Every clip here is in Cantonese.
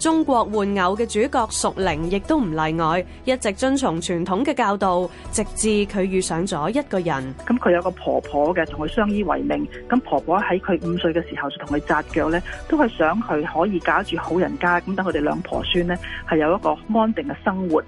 中國玩偶嘅主角淑玲亦都唔例外，一直遵從傳統嘅教導，直至佢遇上咗一個人。咁佢有個婆婆嘅，同佢相依為命。咁婆婆喺佢五歲嘅時候就同佢紮腳咧，都係想佢可以嫁住好人家，咁等佢哋兩婆孫咧係有一個安定嘅生活。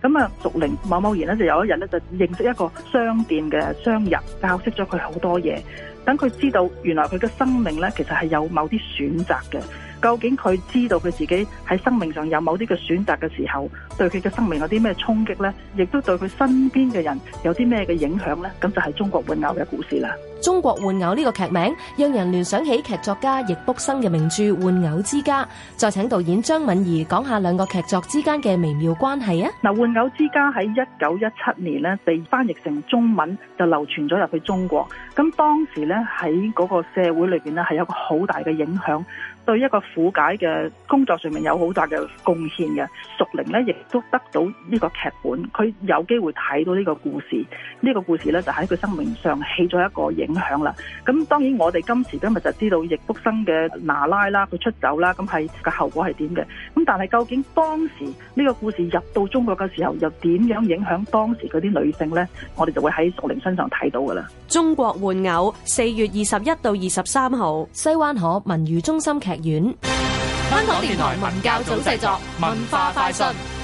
咁啊，淑玲，某某然咧就有一日咧就認識一個商店嘅商人，教識咗佢好多嘢。等佢知道，原來佢嘅生命咧其實係有某啲選擇嘅。究竟佢知道佢自己喺生命上有某啲嘅選擇嘅時候，對佢嘅生命有啲咩衝擊呢？亦都對佢身邊嘅人有啲咩嘅影響呢？咁就係中國玩偶嘅故事啦。中國玩偶呢個劇名，讓人聯想起劇作家易卜生嘅名著《玩偶之家》。再請導演張敏儀講下兩個劇作之間嘅微妙關係啊！嗱，《玩偶之家》喺一九一七年呢被翻譯成中文，就流傳咗入去中國。咁當時呢，喺嗰個社會裏邊呢，係有一個好大嘅影響，對一個苦解嘅工作上面有好大嘅貢獻嘅。熟齡呢亦。都得到呢個劇本，佢有機會睇到呢個故事，呢、這個故事咧就喺佢生命上起咗一個影響啦。咁當然我哋今時今日就知道易卜生嘅娜拉啦，佢出走啦，咁係個後果係點嘅？咁但係究竟當時呢個故事入到中國嘅時候，又點樣影響當時嗰啲女性呢？我哋就會喺淑玲身上睇到㗎啦。中國玩偶四月二十一到二十三號，西灣河文娛中心劇院。香港電台文教組製作文化快訊。